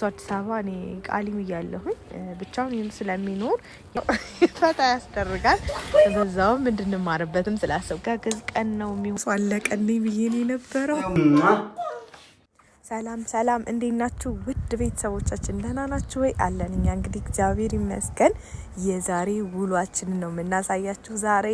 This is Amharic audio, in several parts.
እሱ አዲስ አበባ እኔ ቃሊም እያለሁኝ ብቻውን ይህም ስለሚኖር ፈታ ያስደርጋል። በዛውም እንድንማርበትም ስላሰብካ ከዚህ ቀን ነው የሚሆን አለቀን ብዬን የነበረው። ሰላም ሰላም፣ እንዴት ናችሁ ውድ ቤተሰቦቻችን? ደህና ናችሁ ወይ? አለን እኛ እንግዲህ እግዚአብሔር ይመስገን። የዛሬ ውሏችን ነው የምናሳያችሁ። ዛሬ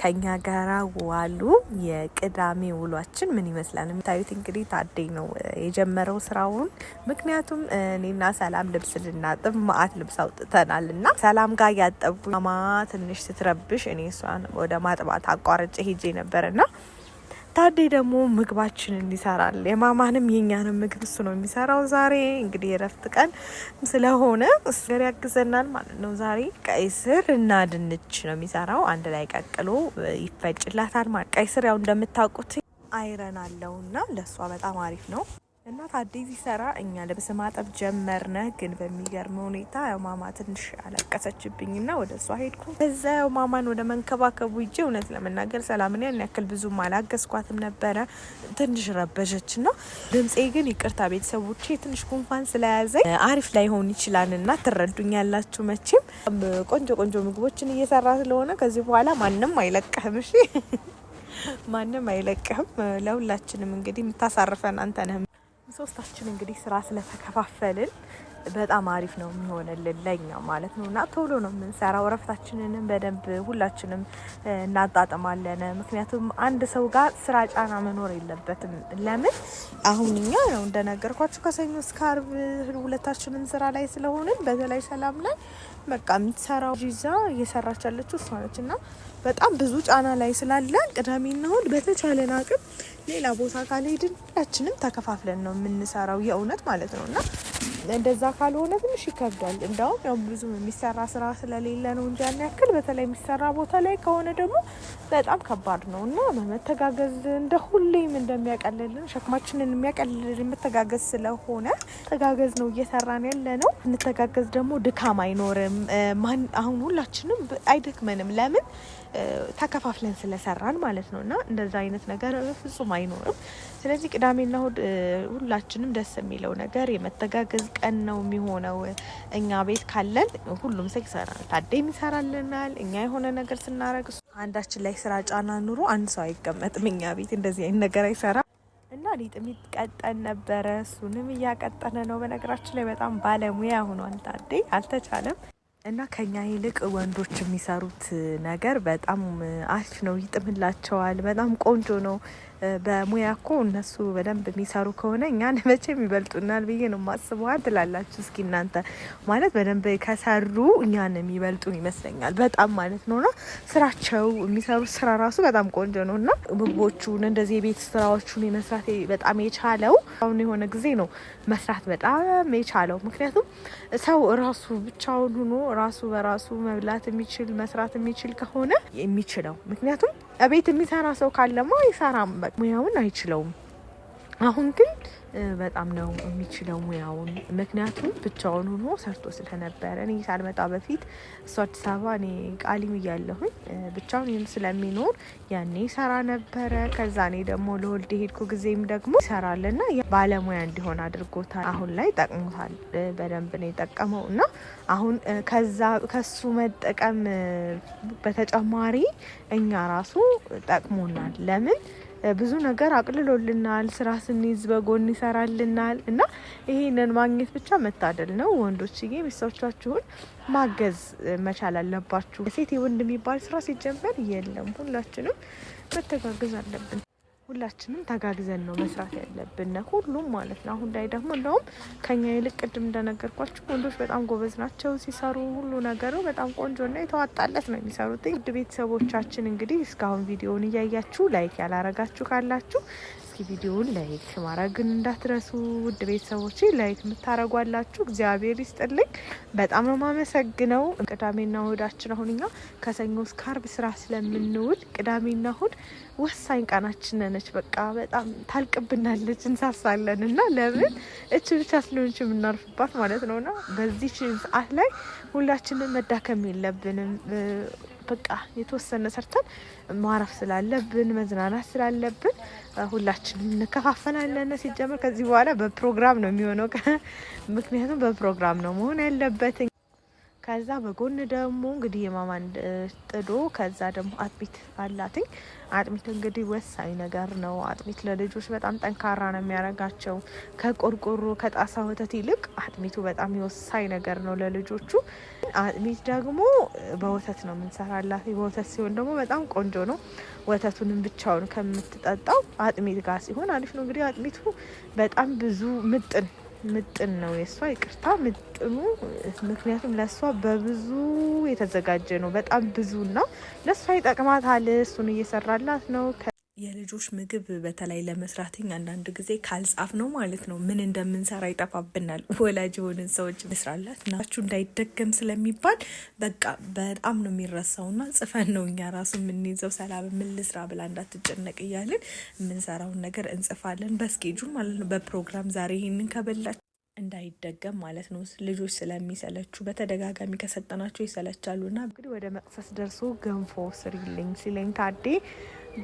ከኛ ጋራ ዋሉ። የቅዳሜ ውሏችን ምን ይመስላል? የምታዩት እንግዲህ ታዴ ነው የጀመረው ስራውን። ምክንያቱም እኔና ሰላም ልብስ ልናጥብ ማአት ልብስ አውጥተናል እና ሰላም ጋር ያጠቡ ማማ ትንሽ ስትረብሽ እኔ እሷን ወደ ማጥባት አቋርጬ ሄጄ ነበርና ታዴ ደግሞ ምግባችንን ይሰራል። የማማንም የኛንም ምግብ እሱ ነው የሚሰራው። ዛሬ እንግዲህ የረፍት ቀን ስለሆነ እሱ ያግዘናል ማለት ነው። ዛሬ ቀይ ስር እና ድንች ነው የሚሰራው። አንድ ላይ ቀቅሎ ይፈጭላታል ማለት ቀይ ስር ያው እንደምታውቁት አይረን አለውና ለእሷ በጣም አሪፍ ነው። እና ታዴ ሲሰራ እኛ ልብስ ማጠብ ጀመርነ። ግን በሚገርም ሁኔታ ማማ ትንሽ አለቀሰችብኝ ና ወደ እሷ ሄድኩ። በዛ ያው ማማን ወደ መንከባከቡ ይጄ እውነት ለመናገር ሰላምን ያን ያክል ብዙም አላገዝኳትም ነበረ። ትንሽ ረበሸች ነው። ድምፄ ግን ይቅርታ ቤተሰቦቼ፣ ትንሽ ጉንፋን ስለያዘኝ አሪፍ ላይሆን ይችላል ና ትረዱኛላችሁ። መቼም ቆንጆ ቆንጆ ምግቦችን እየሰራ ስለሆነ ከዚህ በኋላ ማንም አይለቀህም። እሺ ማንም አይለቀህም። ለሁላችንም እንግዲህ የምታሳርፈን አንተ ነህ። ሶስታችን እንግዲህ ስራ ስለተከፋፈልን በጣም አሪፍ ነው የሚሆንልን ለኛው ማለት ነው። እና ቶሎ ነው የምንሰራው። እረፍታችንንም በደንብ ሁላችንም እናጣጥማለን። ምክንያቱም አንድ ሰው ጋር ስራ ጫና መኖር የለበትም። ለምን አሁን እኛ ነው እንደነገርኳቸው ከሰኞ እስከ አርብ ሁለታችንም ስራ ላይ ስለሆንን በተለይ ሰላም ላይ በቃ የምትሰራው ይዛ እየሰራች ያለችው እሷ ነች እና በጣም ብዙ ጫና ላይ ስላለን ቅዳሜና እሁድ በተቻለን አቅም ሌላ ቦታ ካልሄድን ሁላችንም ተከፋፍለን ነው የምንሰራው፣ የእውነት ማለት ነው። እና እንደዛ ካልሆነ ትንሽ ይከብዳል። እንዲያውም ያው ብዙም የሚሰራ ስራ ስለሌለ ነው እንጂ ያን ያክል በተለይ የሚሰራ ቦታ ላይ ከሆነ ደግሞ በጣም ከባድ ነው እና በመተጋገዝ እንደ ሁሌም እንደሚያቀልልን ሸክማችንን የሚያቀልልን መተጋገዝ ስለሆነ ተጋገዝ ነው እየሰራን ያለ ነው። እንተጋገዝ ደግሞ ድካም አይኖርም። አሁን ሁላችንም አይደክመንም። ለምን ተከፋፍለን ስለሰራን ማለት ነው እና እንደዛ አይነት ነገር ፍጹም አይኖርም። ስለዚህ ቅዳሜና እሁድ ሁላችንም ደስ የሚለው ነገር የመተጋገዝ ቀን ነው የሚሆነው። እኛ ቤት ካለን ሁሉም ሰው ይሰራል፣ ታዴም ይሰራልናል። እኛ የሆነ ነገር ስናረግ አንዳችን ላይ ስራ ጫና ኑሮ አንድ ሰው አይቀመጥም። እኛ ቤት እንደዚህ አይነት ነገር አይሰራ እና ሊጥሚት ቀጠን ነበረ። እሱንም እያቀጠነ ነው። በነገራችን ላይ በጣም ባለሙያ ሆኗል ታዴ፣ አልተቻለም እና ከኛ ይልቅ ወንዶች የሚሰሩት ነገር በጣም አሪፍ ነው፣ ይጥምላቸዋል። በጣም ቆንጆ ነው። በሙያ እኮ እነሱ በደንብ የሚሰሩ ከሆነ እኛን መቼም ይበልጡናል ብዬ ነው ማስበዋል። ትላላችሁ እስኪ እናንተ ማለት በደንብ ከሰሩ እኛን የሚበልጡን ይመስለኛል። በጣም ማለት ነው ና ስራቸው የሚሰሩት ስራ ራሱ በጣም ቆንጆ ነው እና ምግቦቹን እንደዚህ የቤት ስራዎቹን የመስራት በጣም የቻለው አሁን የሆነ ጊዜ ነው መስራት በጣም የቻለው። ምክንያቱም ሰው ራሱ ብቻውን ሁኖ ራሱ በራሱ መብላት የሚችል መስራት የሚችል ከሆነ የሚችለው ምክንያቱም ቤት የሚሰራ ሰው ካለማ ይሰራም መጠበቅ ሙያውን አይችለውም። አሁን ግን በጣም ነው የሚችለው ሙያውን። ምክንያቱም ብቻውን ሆኖ ሰርቶ ስለነበረ እኔ ሳልመጣ በፊት እሱ አዲስ አበባ እኔ ቃሊም እያለሁኝ ብቻውን ይህም ስለሚኖር ያኔ ይሰራ ነበረ። ከዛ እኔ ደግሞ ለወልድ ሄድኩ ጊዜም ደግሞ ና ባለሙያ እንዲሆን አድርጎታል። አሁን ላይ ጠቅሞታል፣ በደንብ ነው የጠቀመው እና አሁን ከዛ ከሱ መጠቀም በተጨማሪ እኛ ራሱ ጠቅሞናል። ለምን ብዙ ነገር አቅልሎልናል። ስራ ስንይዝ በጎን ይሰራልናል እና ይሄንን ማግኘት ብቻ መታደል ነው። ወንዶችዬ ቤተሰቦቻችሁን ማገዝ መቻል አለባችሁ። ሴት የወንድ የሚባል ስራ ሲጀመር የለም። ሁላችንም መተጋገዝ አለብን። ሁላችንም ተጋግዘን ነው መስራት ያለብን፣ ሁሉም ማለት ነው። አሁን ላይ ደግሞ እንደውም ከኛ ይልቅ ቅድም እንደነገርኳችሁ ወንዶች በጣም ጎበዝ ናቸው ሲሰሩ፣ ሁሉ ነገሩ በጣም ቆንጆና የተዋጣለት ነው የሚሰሩት። ውድ ቤተሰቦቻችን እንግዲህ እስካሁን ቪዲዮውን እያያችሁ ላይክ ያላረጋችሁ ካላችሁ እስኪ ቪዲዮውን ላይክ ማድረግን እንዳትረሱ ውድ ቤተሰቦች፣ ላይክ የምታረጓላችሁ እግዚአብሔር ይስጥልኝ። በጣም ነው ማመሰግነው። ቅዳሜና እሁዳችን አሁን እኛ ከሰኞ እስከ አርብ ስራ ስለምንውል ቅዳሜና እሁድ ወሳኝ ቀናችን ነች። በቃ በጣም ታልቅብናለች፣ እንሳሳለን እና ለምን እች ብቻ ስለሆነች የምናርፍባት ማለት ነውና በዚህ ሰዓት ላይ ሁላችንም መዳከም የለብንም። በቃ የተወሰነ ሰርተን ማረፍ ስላለብን መዝናናት ስላለብን ሁላችንም እንከፋፈናለን። ሲጀምር ከዚህ በኋላ በፕሮግራም ነው የሚሆነው፣ ምክንያቱም በፕሮግራም ነው መሆን ያለበት። ከዛ በጎን ደግሞ እንግዲህ የማማን ጥዶ ከዛ ደግሞ አጥሚት አላትኝ። አጥሚት እንግዲህ ወሳኝ ነገር ነው። አጥሚት ለልጆች በጣም ጠንካራ ነው የሚያደርጋቸው። ከቆርቆሮ ከጣሳ ወተት ይልቅ አጥሚቱ በጣም የወሳኝ ነገር ነው ለልጆቹ። አጥሚት ደግሞ በወተት ነው የምንሰራላት። በወተት ሲሆን ደግሞ በጣም ቆንጆ ነው። ወተቱንም ብቻውን ከምትጠጣው አጥሚት ጋር ሲሆን አሪፍ ነው። እንግዲህ አጥሚቱ በጣም ብዙ ምጥን ምጥን ነው የእሷ ይቅርታ፣ ምጥኑ ምክንያቱም ለእሷ በብዙ የተዘጋጀ ነው። በጣም ብዙ ና ለእሷ ይጠቅማታል። እሱን እየሰራላት ነው። የልጆች ምግብ በተለይ ለመስራትኝ አንዳንድ ጊዜ ካልጻፍ ነው ማለት ነው ምን እንደምንሰራ ይጠፋብናል። ወላጅ የሆንን ሰዎች ምስራላት ናችሁ እንዳይደገም ስለሚባል በቃ በጣም ነው የሚረሳውና ጽፈን ነው እኛ ራሱ የምንይዘው። ሰላም ምን ልስራ ብላ እንዳትጨነቅ እያልን የምንሰራውን ነገር እንጽፋለን በስኬጁ ማለት ነው በፕሮግራም ዛሬ ይህንን ከበላች እንዳይደገም ማለት ነው። ልጆች ስለሚሰለቹ በተደጋጋሚ ከሰጠናቸው ና እንግዲህ ወደ መቅሰስ ደርሶ ገንፎ ስሪልኝ ሲለኝ ታዴ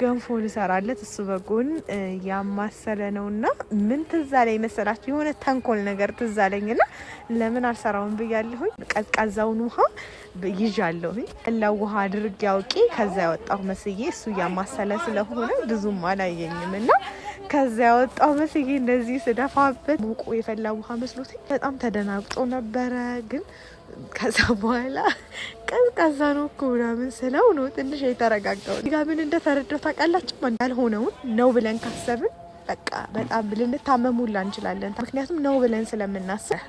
ገንፎ ልሰራለት እሱ በጎን ያማሰለ ነው እና ምን ትዛ ላይ መሰላችሁ? የሆነ ተንኮል ነገር ትዛ አለኝ ና ለምን አልሰራውን ብያለሁኝ። ቀዝቃዛውን ውሃ አለሁ እላው ውሃ አድርጌ አውቄ ከዛ ያወጣሁ መስዬ እሱ እያማሰለ ስለሆነ ብዙም አላየኝም እና ከዛ ያወጣው መስዬ እንደዚህ ስደፋበት ሙቁ የፈላ ውሃ መስሎት በጣም ተደናግጦ ነበረ። ግን ከዛ በኋላ ቀዝቃዛ ነው እኮ ምናምን ስለው ነው ትንሽ የተረጋጋው። ጋ ምን እንደተረዳው ታውቃላችሁ? ያልሆነውን ነው ብለን ካሰብን በቃ በጣም ልንታመሙላ እንችላለን። ምክንያቱም ነው ብለን ስለምናስብ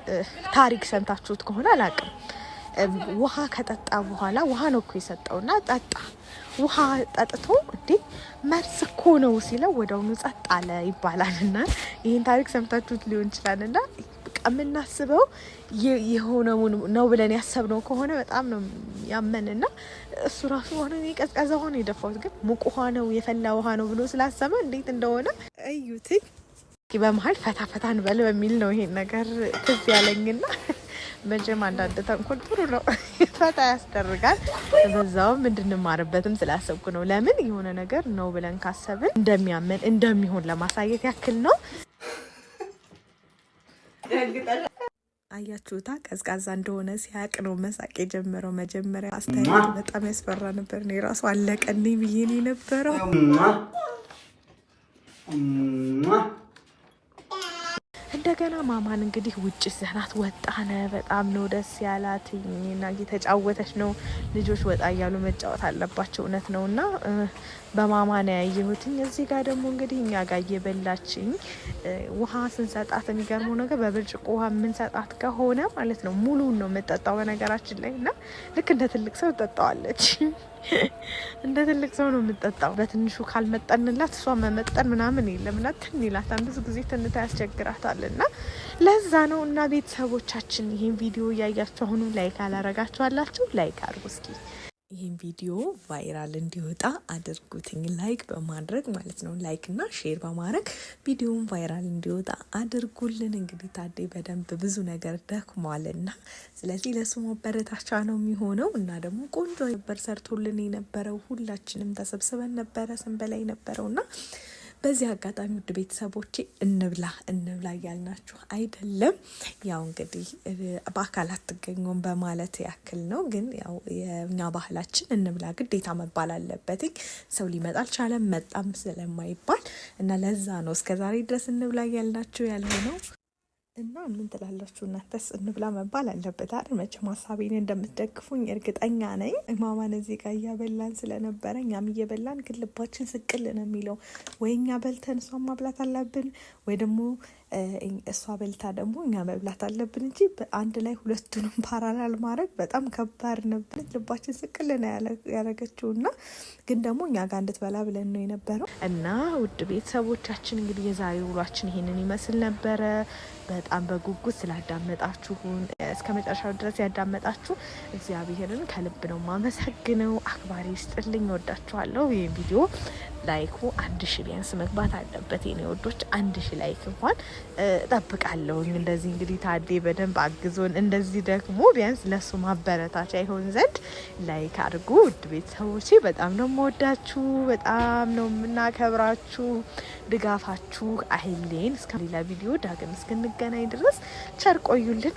ታሪክ ሰምታችሁት ከሆነ አላውቅም። ውሃ ከጠጣ በኋላ ውሃ ነው እኮ የሰጠውና ጠጣ ውሃ ጠጥቶ እንዴ መርስ እኮ ነው ሲለው ወደውኑ ጸጥ አለ ይባላል። እና ይህን ታሪክ ሰምታችሁት ሊሆን ይችላል። እና የምናስበው የሆነው ነው ብለን ያሰብነው ከሆነ በጣም ነው ያመን እና እሱ ራሱ ሆነ የቀዝቀዘ ሆነ የደፋሁት ግን ሙቅ ውሃ ነው የፈላ ውሃ ነው ብሎ ስላሰበ እንዴት እንደሆነ እዩትኝ። በመሀል ፈታ ፈታ እንበል በሚል ነው ይሄን ነገር ትዝ ያለኝና መቼም አንዳንድ ተንኮል ጥሩ ነው፣ ፈታ ያስደርጋል። በዛውም እንድንማርበትም ስላሰብኩ ነው። ለምን የሆነ ነገር ነው ብለን ካሰብን እንደሚያመን እንደሚሆን ለማሳየት ያክል ነው። አያችሁታ ቀዝቃዛ እንደሆነ ሲያቅ ነው መሳቅ የጀመረው። መጀመሪያ አስተያየት በጣም ያስፈራ ነበር። እኔ ራሱ አለቀኔ ብዬን የነበረው እንደገና ማማን እንግዲህ ውጭ ዘናት ወጣነ። በጣም ነው ደስ ያላት እና እየተጫወተች ነው። ልጆች ወጣ እያሉ መጫወት አለባቸው እውነት ነው። እና በማማን ያየሁትኝ። እዚህ ጋር ደግሞ እንግዲህ እኛ ጋር እየበላችኝ ውሃ ስንሰጣት የሚገርመው ነገር በብርጭቆ ውሃ የምንሰጣት ከሆነ ማለት ነው ሙሉን ነው የምጠጣው በነገራችን ላይ እና ልክ እንደ ትልቅ ሰው ጠጣዋለች። እንደ ትልቅ ሰው ነው የምጠጣው። በትንሹ ካልመጠንላት እሷ መመጠን ምናምን የለም እና ትን ይላታል። ብዙ ጊዜ ትንታ ያስቸግራታል ና ለዛ ነው እና ቤተሰቦቻችን ይህን ቪዲዮ እያያችሁ አሁኑ ላይክ አላረጋችኋላችሁ ላይክ አድርጉ እስኪ ይህን ቪዲዮ ቫይራል እንዲወጣ አድርጉትኝ ላይክ በማድረግ ማለት ነው። ላይክ እና ሼር በማድረግ ቪዲዮውን ቫይራል እንዲወጣ አድርጉልን። እንግዲህ ታዴ በደንብ ብዙ ነገር ደክሟልና ስለዚህ ለሱ መበረታቻ ነው የሚሆነው እና ደግሞ ቆንጆ ነበር ሰርቶልን የነበረው ሁላችንም ተሰብስበን ነበረ ነበረው የነበረውና በዚህ አጋጣሚ ውድ ቤተሰቦቼ እንብላ እንብላ እያልናችሁ አይደለም። ያው እንግዲህ በአካል አትገኙም በማለት ያክል ነው። ግን ያው የኛ ባህላችን እንብላ ግዴታ መባል አለበትኝ። ሰው ሊመጣ አልቻለም መጣም ስለማይባል እና ለዛ ነው እስከዛሬ ድረስ እንብላ እያልናችሁ ያልሆነው። እና ምን ትላላችሁ እናንተስ? እንብላ መባል አለበት አይደል? መቼም ሀሳቤን እንደምትደግፉኝ እርግጠኛ ነኝ። እማማን እዚህ ጋር እያበላን ስለነበረ እኛም እየበላን ግን ልባችን ስቅል ነው የሚለው ወይ እኛ በልተን እሷን ማብላት አለብን ወይ ደግሞ እሷ በልታ ደግሞ እኛ መብላት አለብን እንጂ አንድ ላይ ሁለቱንም ፓራላል ማድረግ በጣም ከባድ ነበር። ልባችን ስቅል ነው ያደረገችው እና ግን ደግሞ እኛ ጋር እንድትበላ ብለን ነው የነበረው። እና ውድ ቤተሰቦቻችን እንግዲህ የዛሬ ውሏችን ይሄንን ይመስል ነበረ። በጣም በጉጉት ስላዳመጣችሁን እስከ መጨረሻው ድረስ ያዳመጣችሁ እግዚአብሔርን ከልብ ነው ማመሰግነው። አክባሪ ስጥልኝ። ወዳችኋለሁ። ይህ ቪዲዮ ላይኩ አንድ ሺ ቢያንስ መግባት አለበት። የኔ ወዶች አንድ ሺ ላይክ እንኳን እጠብቃለሁኝ። እንደዚህ እንግዲህ ታዴ በደንብ አግዞን እንደዚህ ደግሞ ቢያንስ ለሱ ማበረታቻ ይሆን ዘንድ ላይክ አድርጉ። ውድ ቤተሰቦቼ በጣም ነው የምወዳችሁ፣ በጣም ነው የምናከብራችሁ። ድጋፋችሁ አይሌን። እስከ ሌላ ቪዲዮ ዳግም እስክንገናኝ ድረስ ቸር ቆዩልን።